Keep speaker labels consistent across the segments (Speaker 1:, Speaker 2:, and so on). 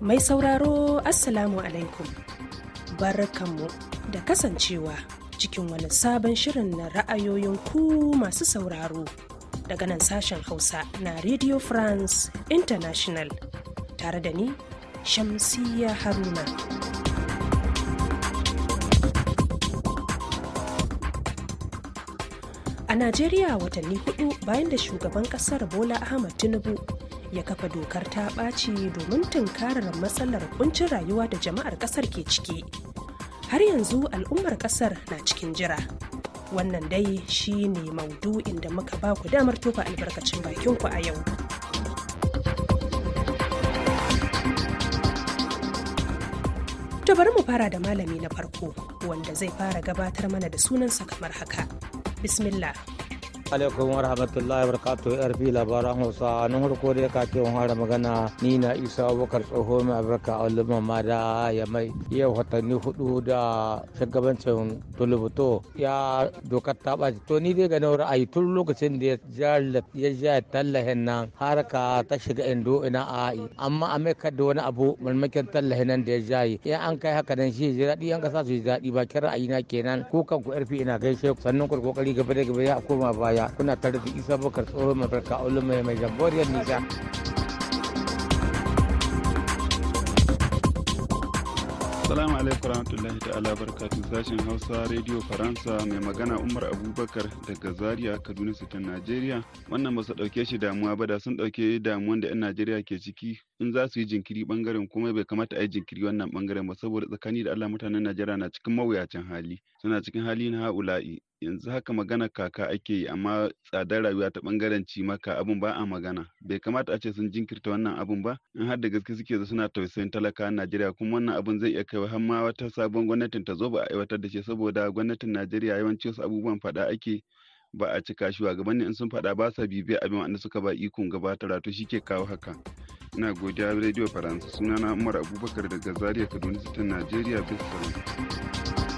Speaker 1: Mai sauraro Assalamu alaikum. Barkanmu da kasancewa cikin wani sabon shirin na ra'ayoyin ku masu sauraro daga nan sashen Hausa na Radio France International tare da ni Shamsiyya Haruna. A Najeriya watanni hudu bayan da shugaban kasar Bola Ahmad Tinubu ya kafa dokar ta ɓaci domin tunkarar matsalar kuncin rayuwa da jama'ar kasar ke ciki. Har yanzu al'ummar kasar na cikin jira. Wannan dai shi ne maudu'in da muka ba ku damar tofa albarkacin bakinku a yau. To bari mu fara da malami na farko wanda zai fara gabatar mana da sunansa kamar haka. بسم الله
Speaker 2: alaikum wa rahmatullahi wa barakatuhu labaran hausa na farko dai ka ce wani magana ni na isa abubakar tsoho mai albarka a ma da ya mai iya watanni hudu da shugabancin tulubuto ya dokar ta ɓaci to ni dai ga na ra'ayi tun lokacin da ya ja tallahin nan ka ta shiga indo ina a amma a mai da wani abu mulmakin tallahin nan da ya jaye in an kai haka nan shi ji daɗi an kasa su ji daɗi ba kira ra'ayi na kenan ko kan ku ina gaishe sannan ku kokari gaba da gaba ya koma baya Zamfara kuna tare da Isa Bukar tsohon mafarka Olu mai mai jamboriyar Nijar.
Speaker 3: Salamu alaikum warahmatullahi ta'ala barkatu sashen Hausa Radio Faransa mai magana Umar Abubakar daga Zaria Kaduna city, Najeriya. Wannan ba su dauke shi damuwa ba da sun dauke damuwan da 'yan Najeriya ke ciki in za su yi jinkiri bangaren kuma bai kamata a yi jinkiri wannan bangaren ba saboda tsakani da Allah mutanen Najeriya na cikin mawuyacin hali. Suna cikin hali na ha'ula'i yanzu haka magana kaka ake yi amma tsadar rayuwa ta bangaren cimaka abun ba a magana bai kamata a ce sun jinkirta wannan abun ba in har da gaske suke da suna tausayin talaka a Najeriya kuma wannan abun zai iya kai har ma wata sabon gwamnatin ta zo ba a aiwatar da shi saboda gwamnatin Najeriya yawanci wasu abubuwan fada ake ba a cika shi wa ne in sun fada ba sa bibiya abin wanda suka ba ikon gabatar to shi ke kawo haka ina godiya rediyo faransa sunana umar abubakar daga zaria kaduna ta najeriya bisa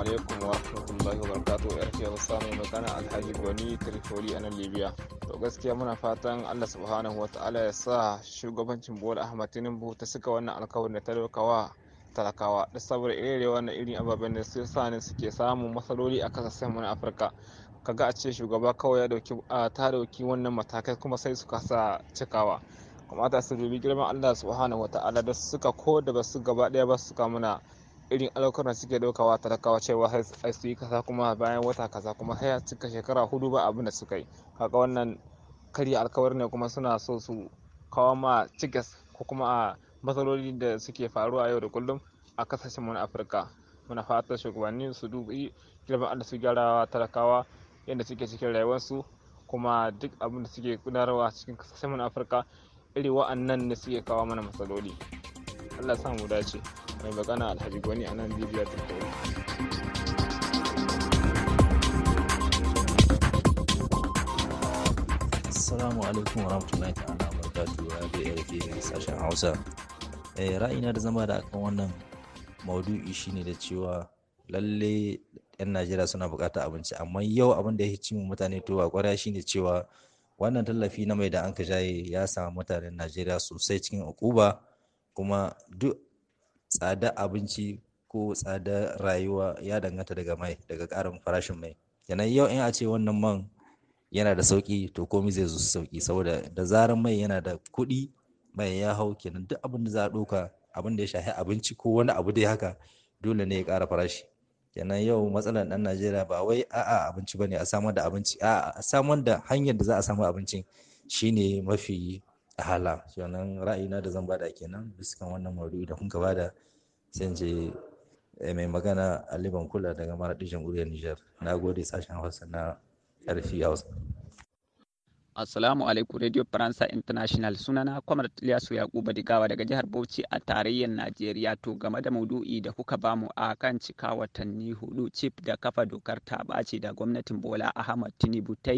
Speaker 4: alaikum wa rahmatullahi wa barakatuhu yar ce Hausa mai magana Alhaji Gwani tirifori a nan Libya. To gaskiya muna fatan Allah subhanahu wa ta'ala ya sa shugabancin Bola Ahmad Tinubu ta saka wannan alkawarin da talakawa talakawa da saboda ire wannan irin ababen da su sa ne suke samun matsaloli a kasashen mu na Afirka. Kaga a ce shugaba kawai ya dauki ta dauki wannan matakai kuma sai su kasa cikawa. kamata su dubi girman Allah subhanahu wa ta'ala da suka ko da ba su gaba daya ba suka muna irin da suke ɗaukawa talakawa cewa sai su yi kasa kuma bayan wata kasa kuma sai cika shekara hudu ba abin da suka yi kaga wannan karya alkawari ne kuma suna so su kawo ma cikas ko kuma a matsaloli da suke faruwa yau da kullum a kasashen wani afirka muna fata shugabanni su dubi girman da su gyara talakawa yadda suke cikin rayuwarsu kuma duk abin da suke gudanarwa cikin kasashen wani afirka iri wa'annan ne suke kawo mana matsaloli. Allah sa mu dace mai magana alhaji gwani a nan bibiyar tattauna
Speaker 5: Assalamu alaikum wa rahmatullahi ta'ala wa ya wa BRP sashen Hausa. Eh na da zama da akan wannan maudu'i shine da cewa lalle yan Najeriya suna buƙatar abinci amma yau abin da ya ci mu mutane to a ƙwarya shine cewa wannan tallafi na mai da anka jaye ya samu mutanen Najeriya sosai cikin ukuba kuma duk tsadar abinci ko tsadar rayuwa ya danganta daga mai daga ƙarin farashin mai kenan yau in a ce wannan man yana da sauƙi to komai zai zo sauƙi saboda da zarar mai yana da kuɗi mai ya hau kenan duk abin da za a ɗauka abin da ya shafi abinci ko wani abu dai haka dole ne ya ƙara farashi kenan yau matsalar ɗan najeriya ba wai a'a abinci bane a samar da abinci a'a samar da hanyar da za a samu abincin shine mafi hala sannan ra'ayina da zan bada kenan biskan wannan maudu'i da kun bada zan je eh, mai magana Ali kula daga Maradin Jamhuriyar Nijar na gode sashen Hausa na ƙarfi Hausa
Speaker 6: Assalamu alaikum Radio Faransa International sunana Kwamar Tiliyasu Yakubu Digawa daga jihar Bauchi a tarayyar Najeriya to game da maudu'i da kuka bamu a kan cika watanni hudu cif da kafa dokar ta ɓaci da gwamnatin Bola Ahmad Tinubu ta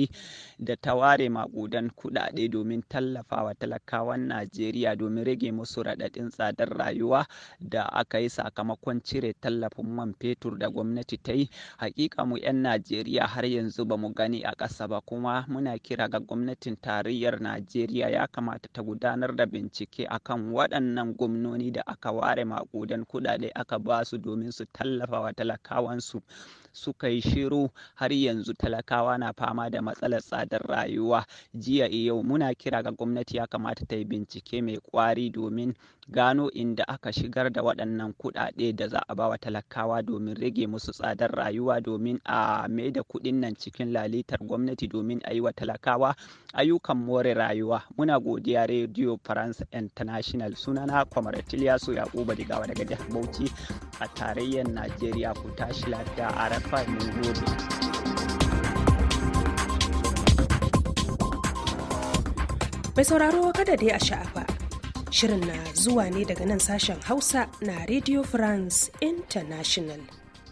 Speaker 6: da ta ware makudan kuɗaɗe domin tallafawa talakawan Najeriya domin rage musu raɗaɗin tsadar rayuwa da aka yi sakamakon cire tallafin man fetur da gwamnati ta yi. Hakika mu 'yan Najeriya har yanzu ba mu gani a ƙasa ba kuma muna kira ga gwamnati gwamnatin tarayyar Najeriya ya kamata ta gudanar da bincike akan waɗannan gwamnoni da aka ware maƙudan kuɗaɗe aka ba su domin su tallafa wa talakawansu. suka yi shiru har yanzu talakawa na fama da matsalar tsadar rayuwa jiya eh, yau muna kira ga gwamnati ya kamata ta yi bincike mai kwari domin gano inda aka shigar da waɗannan kuɗaɗe da za a bawa talakawa domin rage musu tsadar rayuwa domin a mai da kuɗin nan cikin lalitar gwamnati domin a yi wa talakawa ayyukan more rayuwa muna godiya radio france international sunana kwamar yasu yakuba digawa daga jihar bauchi a tarayyar najeriya ku tashi lafiya a
Speaker 1: Mai sauraro kada dai a sha'afa. Shirin na zuwa ne daga nan sashen Hausa na Radio France International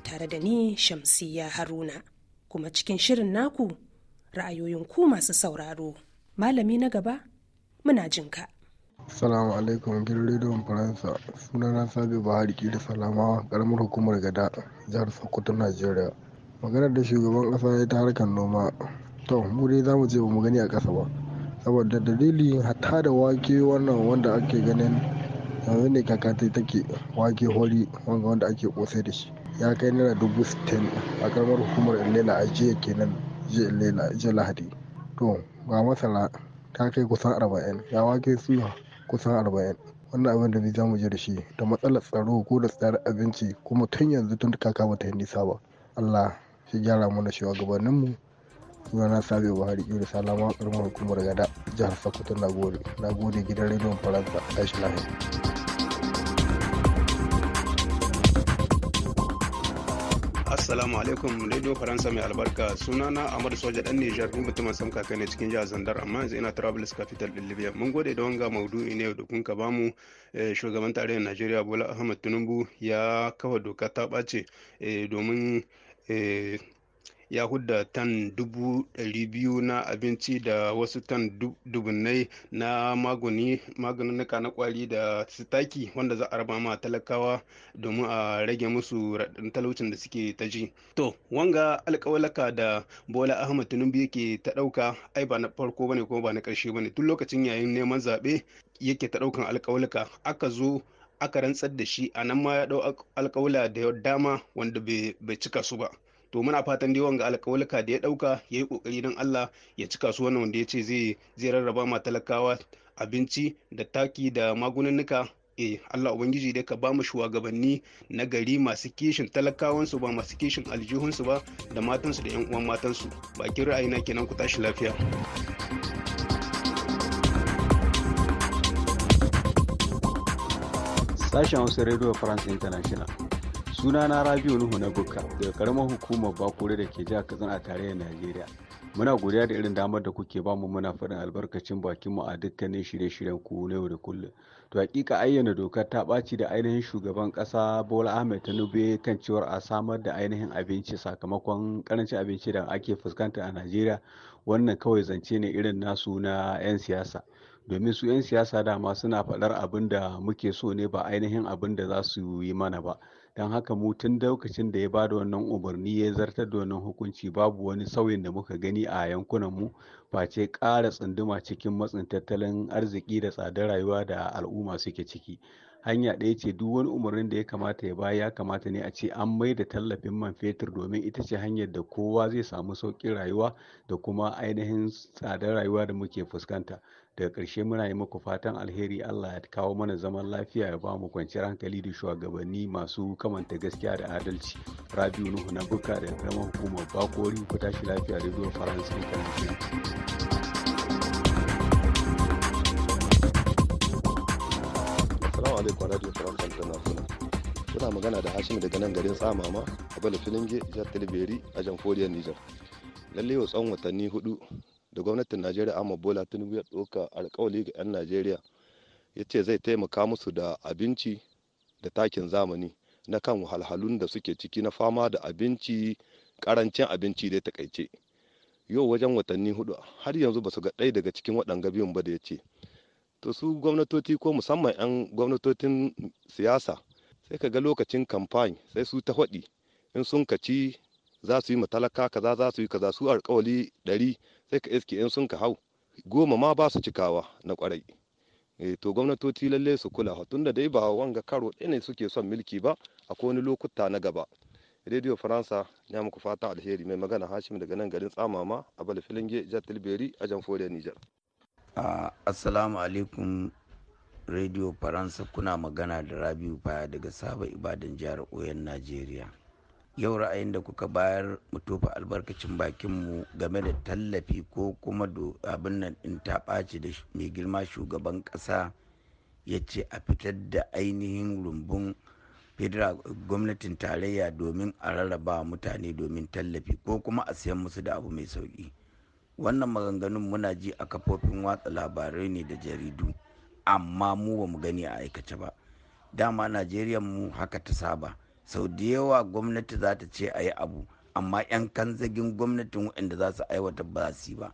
Speaker 1: tare da ni Shamsiyya Haruna. Kuma cikin shirin naku ra'ayoyin ku masu sauraro. Malami na gaba, muna jinka.
Speaker 6: Assalamu
Speaker 7: alaikum gidan rediyon Faransa. sabe Sabi Bahari da salama karamar hukumar Gada, jihar Sokoto, Najeriya. Maganar da shugaban kasa ya ta harkar noma. To, mu dai za mu mu gani a kasa ba. Saboda dalili hatta da wake wannan wanda ake ganin yanzu ne kakata take wake hori wanga wanda ake kosai da shi. Ya kai naira dubu sittin a karamar hukumar Ilela a jiya kenan Ilela jiya Lahadi. To, ga masara ta kai kusan arba'in ya wake suya kusan arba'in wannan abin da za mu je da shi da matsalar tsaro ko da tsayar abinci kuma tun yanzu tun kaka bata yi nisa ba allah shi gyara mana shi gabaninmu sunana sabi buhari da salama karamar hukumar gada jihar sokoto na gode gidan rediyon faransa
Speaker 2: tashi lahiya
Speaker 3: Assalamu alaikum Radio Faransa mai albarka sunana Amadu Soja dan Niger mun mutumin sam kaka ne cikin jihar Zandar amma yanzu ina Travelers Capital din Libya. Mun gode da wanga maudu'i ne da kun ka bamu eh, shugaban tarayyar Najeriya Bola Ahmed Tinubu ya kafa doka ta ɓace eh, domin eh, ya hudda tan dubu ɗari biyu na abinci da wasu tan dubunai na maguni maganunuka na kwari da sitaki wanda za a raba ma talakawa domin a rage musu talaucin da suke ta ji to wanga alƙawalaka da bola ahmad tinubu yake ta ɗauka ai ba na farko bane kuma ba na ƙarshe bane tun lokacin yayin neman zaɓe yake ta ɗaukan alƙawalaka aka zo aka rantsar da shi a nan ma ya ɗau alkawula da dama wanda bai cika su ba to muna fatan dai wanga alƙawalka da ya ɗauka ya yi ƙoƙari don Allah ya cika su wannan wanda ya ce zai rarraba ma talakawa abinci da taki da magununnuka eh Allah ubangiji dai ka ba mu shugabanni na gari masu kishin talakawansu ba masu kishin aljihunsu ba da matansu da 'yan uwan matansu bakin na kenan ku tashi lafiya
Speaker 8: sashen hausa radio france international suna na rabiu nuhu na bukka daga karamar hukumar bakure da ke jihar katsina a tarayyar najeriya muna godiya da irin damar da kuke bamu muna faɗin albarkacin bakinmu a dukkanin shirye-shiryen ku na yau da kullum to hakika ayyana dokar ta ɓaci da ainihin shugaban ƙasa bola ahmed tinubu kan cewar a samar da ainihin abinci sakamakon karancin abinci da ake fuskanta a najeriya wannan kawai zance ne irin nasu na 'yan siyasa domin su 'yan siyasa dama suna faɗar abin da muke so ne ba ainihin abin da za su yi mana ba don haka mu tun lokacin da ya bada wannan umarni ya zartar da wannan hukunci babu wani sauyin da muka gani a yankunan mu face ƙara tsunduma cikin matsin tattalin arziki da tsadar rayuwa da al'umma suke ciki hanya ɗaya ce duk wani umarnin da ya kamata ya baya ya kamata ne a ce an mai da tallafin man fetur domin ita ce hanyar da kowa zai samu sauƙin rayuwa da kuma ainihin tsadar rayuwa da muke fuskanta daga ƙarshe muna yi muku fatan alheri allah ya kawo mana zaman lafiya ya ba mu kwanciyar hankali da shugabanni masu kamanta gaskiya da adalci rabiu nuhu na buka da karamar hukumar bakori ku tashi lafiya da zuwa faransa international
Speaker 9: Suna magana da Hashim daga nan garin Tsamama a Bala Filinge, Jihar Talibiri a Jamhuriyar Nijar. Lalle tsawon watanni hudu da gwamnatin najeriya amma bola tinubu ya ɗauka alkawali ga 'yan najeriya ya ce zai taimaka musu da abinci da takin zamani na kan wahalhalun da suke ciki na fama da abinci karancin abinci dai takaice yau wajen watanni hudu har yanzu ba su ga ɗaya daga cikin waɗanga biyun ba da ya ce to su gwamnatoci ko musamman 'yan gwamnatocin siyasa sai ka ga lokacin kamfani sai su ta faɗi in sun kaci za su yi matalaka kaza za su yi kaza su alkawali ɗari sai ka iske in sun ka hau goma ma ba su cikawa na kwarai eh, to gwamnatoci lalle su kula tunda dai ba wanga karo ɗaya ne suke son milki ba a wani lokuta na gaba radio faransa ya muku fata alheri mai magana hashim daga nan garin tsamama a balfilinge jihar tilberi a jamforiya nijar
Speaker 2: assalamu alaikum radio faransa kuna magana da rabiu baya daga saba ibadan jihar oyon najeriya yau ra'ayin da kuka bayar mu tofa albarkacin bakinmu game da tallafi ko kuma abin nan in ta ɓaci da mai girma shugaban ƙasa ya ce a fitar da ainihin rumbun federal gwamnatin tarayya domin a rarraba mutane domin tallafi ko kuma a siyan musu da abu mai sauƙi wannan maganganun muna ji a kafofin watsa labarai ne da jaridu amma mu bamu gani a aikace ba dama najeriya mu haka ta saba sau da yawa gwamnati za ta ce a yi abu amma 'yan kan kanzagin gwamnatin waɗanda za su aiwatar ba su yi ba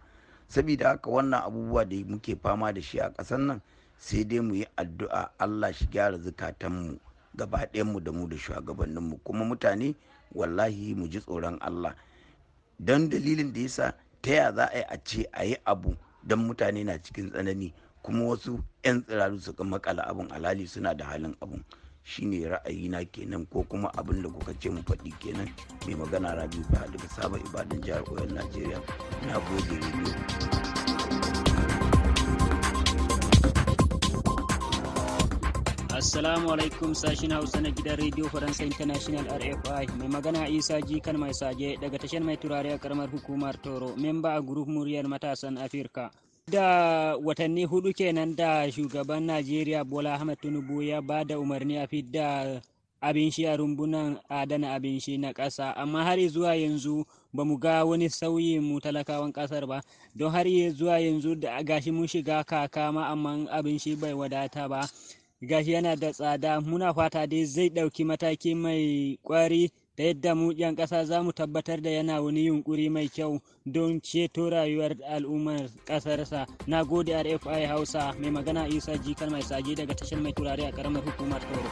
Speaker 2: saboda haka wannan abubuwa da muke fama da shi a ƙasar nan sai dai mu yi addu'a allah shi gyara zukatanmu gaba mu da mu da shugabanninmu kuma mutane wallahi mu ji tsoron allah don dalilin da yasa ta ya za a yi a ce a yi abu don mutane na cikin tsanani kuma wasu 'yan tsiraru su makala abin alhali suna da halin abun. shine na kenan ko kuma abin da kuka ce mu faɗi kenan mai magana rabi fa daga sabon ibadan jihar oyan najeriya na gode rediyo
Speaker 7: Assalamu alaikum sashen Hausa na gidan Rediyo Faransa International RFI mai magana Isa Jikan mai sage daga tashar mai turare a karamar hukumar Toro memba a group muryar matasan Afirka. da watanni hudu kenan da shugaban najeriya bola ahmed tinubu ya ba da umarni a fidda abin shi a rumbunan adana abin shi na ƙasa amma har zuwa yanzu ba mu ga wani sauyi mu talakawan ƙasar ba don har zuwa yanzu da gashi mun shiga kaka ma amma abin shi bai wadata ba gashi yana da tsada muna fata dai zai ɗauki mataki mai ƙwari ta yadda mu 'yan ƙasa za mu tabbatar da yana wani yunkuri mai kyau don ceto rayuwar al'ummar ƙasarsa na gode rfi hausa mai magana isa jikar mai sage daga tashar mai turare a ƙaramar hukumar toro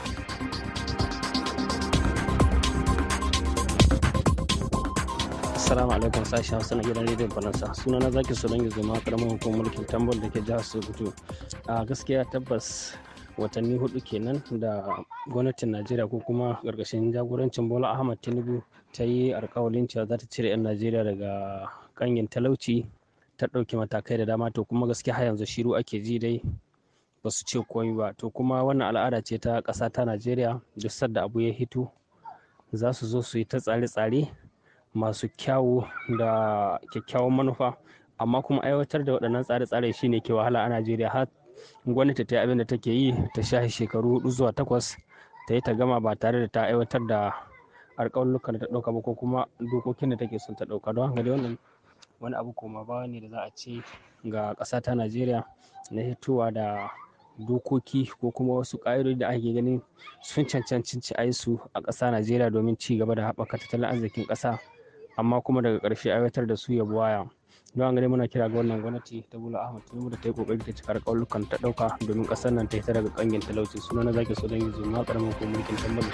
Speaker 7: Assalamu alaikum sashen Hausa na gidan rediyon Faransa. Suna na zaki yanzu Zuma karamin hukumar mulkin tambol da ke jihar Sokoto. A gaskiya tabbas watanni hudu kenan da gwamnatin najeriya ko kuma ƙarƙashin jagorancin bola ahmad tinubu ta yi alkawalin cewa za ta cire 'yan najeriya daga kanyin talauci ta ɗauki matakai da dama to kuma gaskiya har yanzu shiru ake ji dai ba su ce komai ba to kuma wannan al'ada ce ta ƙasa ta najeriya duk sadda abu ya hito za su zo su yi ta tsare-tsare masu kyawu da kyakkyawan manufa amma kuma aiwatar da waɗannan tsare-tsare shine ke wahala a najeriya har gwamnati ta yi abin da take yi ta sha shekaru hudu zuwa takwas ta yi ta gama ba tare da ta aiwatar da alƙawallukan da ta ɗauka ba ko kuma dokokin da take son ta ɗauka don haka dai wannan wani abu koma baya ne da za a ce ga ƙasa ta najeriya na hitowa da dokoki ko kuma wasu ƙa'idodi da ake ganin sun cancanci ci a su a ƙasa najeriya domin ci gaba da haɓaka tattalin arzikin ƙasa amma kuma daga ƙarshe aiwatar da su ya waya. don gane muna kira ga wannan gwamnati ta bula ahmad tinubu da ta yi kokari ta cika alƙawalukan ta ɗauka domin kasar nan ta ta daga ƙangin talauci suna na zaki so don yanzu ma ko mulkin tambaga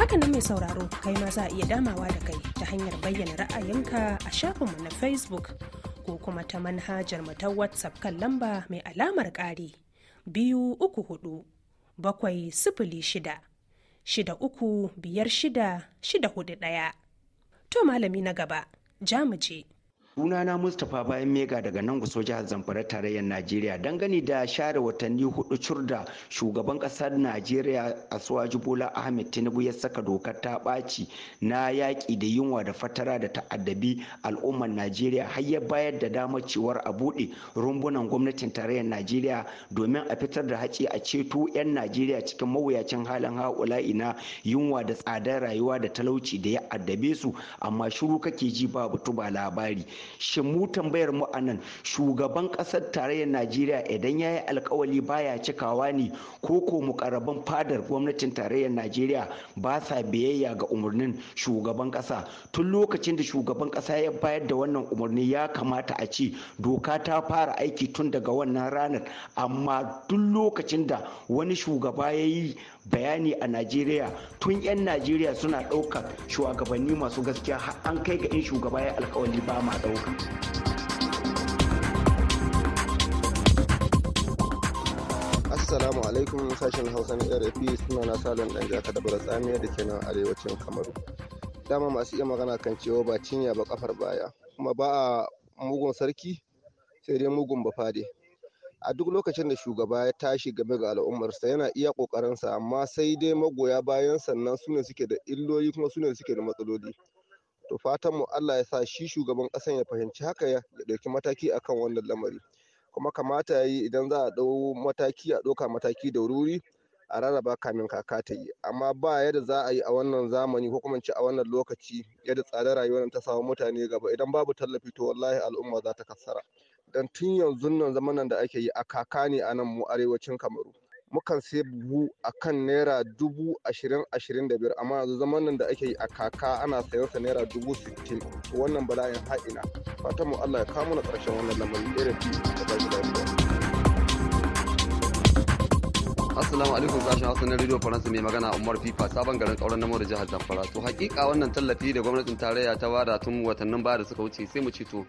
Speaker 1: haka nan mai sauraro kai ma za a iya damawa da kai ta hanyar bayyana ra'ayinka a shafinmu na facebook ko kuma ta manhajar mu ta whatsapp kan lamba mai alamar ƙari biyu uku hudu bakwai sifili shida shida uku biyar shida shida hudu ɗaya. To malami na gaba, jamuje.
Speaker 10: Sunana Mustapha bayan Mega daga nan guso jihar Zamfara tarayyar Najeriya dangane da share watanni hudu cur da shugaban kasar Najeriya a Asuwaji Bola Ahmed Tinubu ya saka dokar ta ɓaci na yaƙi da yunwa da fatara da ta'addabi al'ummar Najeriya har ya bayar da damar cewar a buɗe rumbunan gwamnatin tarayyar Najeriya domin a fitar da haci a ceto 'yan Najeriya cikin mawuyacin halin haƙula'i na yunwa da tsadar rayuwa da talauci da ya addabe su amma shiru kake ji babu tuba labari shi mu tambayar mu a nan shugaban ƙasar tarayyar najeriya idan ya yi alkawali baya cikawa ne ko ko mukarraban fadar gwamnatin tarayyar najeriya ba sa biyayya ga umarnin shugaban ƙasa tun lokacin da shugaban ƙasa ya bayar da wannan umarni ya kamata a ce doka ta fara aiki tun daga wannan ranar amma duk lokacin da wani shugaba ya yi bayani a najeriya tun 'yan najeriya suna ɗaukar shugabanni masu gaskiya an kai ga 'yan shugaba ya alkawali ba ma ɗauka
Speaker 9: Assalamu alaikum sashen Hausa na rfi suna na salon ɗan jaka da tsamiya da ke nan arewacin Kamaru. Dama masu iya magana kan cewa ba cinya ba kafar baya kuma ba a mugun sarki sai dai mugun bafade. a duk lokacin da shugaba ya tashi game ga al'ummarsa yana iya kokarinsa amma sai dai magoya bayan sannan su ne suke da illoli kuma su ne suke da matsaloli to fatanmu Allah ya sa shi shugaban kasan ya fahimci haka ya dauki mataki akan wannan lamari kuma kamata yayi idan za a dau mataki a ɗauka mataki da wuri a rarraba kamin kaka ta yi amma ba yadda za a yi a wannan zamani ko kuma a wannan lokaci yadda tsadar rayuwar ta samu mutane gaba idan babu tallafi to wallahi al'umma za ta kassara dan tun yanzun nan zamanan da ake yi a kaka ne a nan mu arewacin kamaru mukan sai buhu a kan naira dubu ashirin ashirin da biyar amma yanzu zaman da ake yi a kaka ana sayar sa naira dubu sittin wannan bala'in ha'ina fatan mu allah ya kawo mana ƙarshen wannan lamarin irin da ba shi lafiya
Speaker 2: Assalamu alaikum sashen Hausa na Radio Faransa mai magana Umar Fifa sabon garin kauran namo da jihar Zamfara. To hakika wannan tallafi da gwamnatin tarayya ta bada tun watannin baya da suka wuce sai mu ci to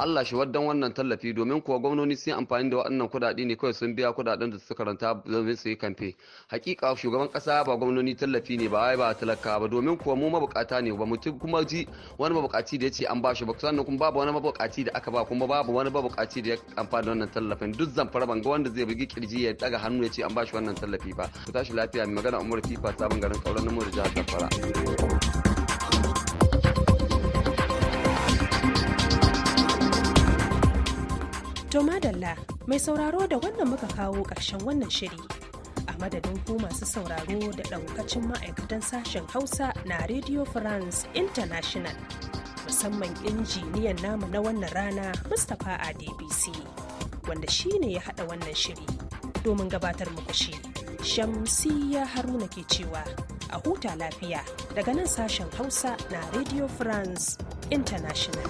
Speaker 2: Allah shi waddan wannan tallafi domin kuwa gwamnoni sun amfani da waɗannan kuɗaɗe ne kawai sun biya kuɗaɗen da suka ranta domin su yi kamfe. Hakika shugaban ƙasa ba gwamnoni tallafi ne ba wai ba talaka ba domin kuwa mu mabukata ne ba mutum kuma ji wani mabukaci da ya ce an ba shi ba sannan kuma babu wani mabukaci da aka ba kuma babu wani mabukaci da ya amfani da wannan tallafin duk zamfara ban ga wanda zai bugi kirji ya daga hannu ya ce an ba shi wannan wannan tallafi ba ku tashi lafiya mai magana umar kifa sabon garin kauran namu da jihar
Speaker 1: To madalla mai sauraro da wannan muka kawo ƙarshen wannan shiri a madadin ku masu sauraro da ɗaukacin ma'aikatan sashen hausa na radio france international musamman injiniyan namu na wannan rana mustapha adbc wanda shine ya haɗa wannan shiri domin gabatar muku shi. shamsiya Haruna ke cewa a huta lafiya daga nan sashen Hausa na Radio France International.